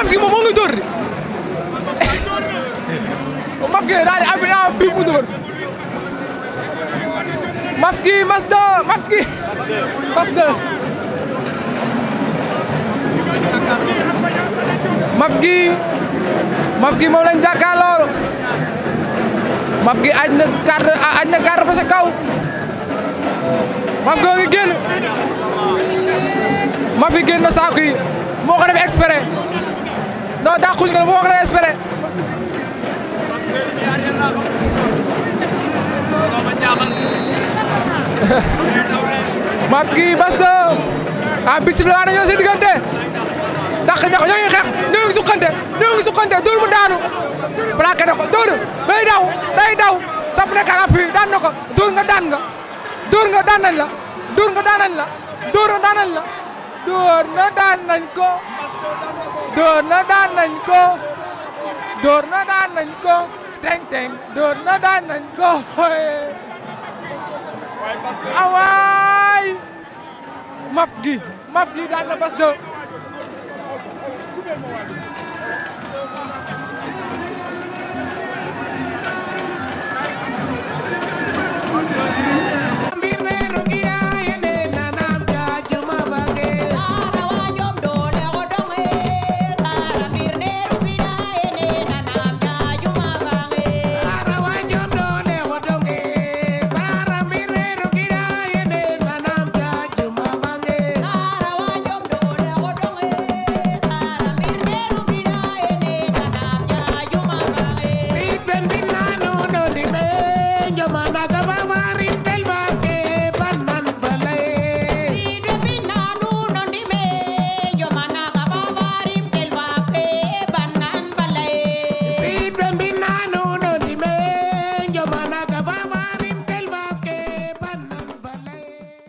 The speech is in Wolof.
mbaf gi moom moo ngi dóor mbaf gi daal di am na am bii mu dóor mbaf gi mas de mbaf gi mas de mbaf gi mbaf gi moom lañ jàkkaarloo mbaf gi aj na carte aj na carte ba sa kaw mbaf goo ngi génn mbaf gi génn na saako yi moo ko def exprès non dàquñ ko foo ko la espéré mat gi bas a bisib la waa na ah, ko ñoo ngi xeex ñoo ngi suqante ñoo ngi suqante dóor mu daanu plaqué na ko dóor daw day daw sap ne kar daan na ko nga daan nga dóor nga daan nañ la dóor nga daan nañ la dóor nga daan nañ ko dóor na daan nañ ko dóor na daan nañ ko teng teng dóor na daan nañ ko awaay maf gi maf gi daan na bas de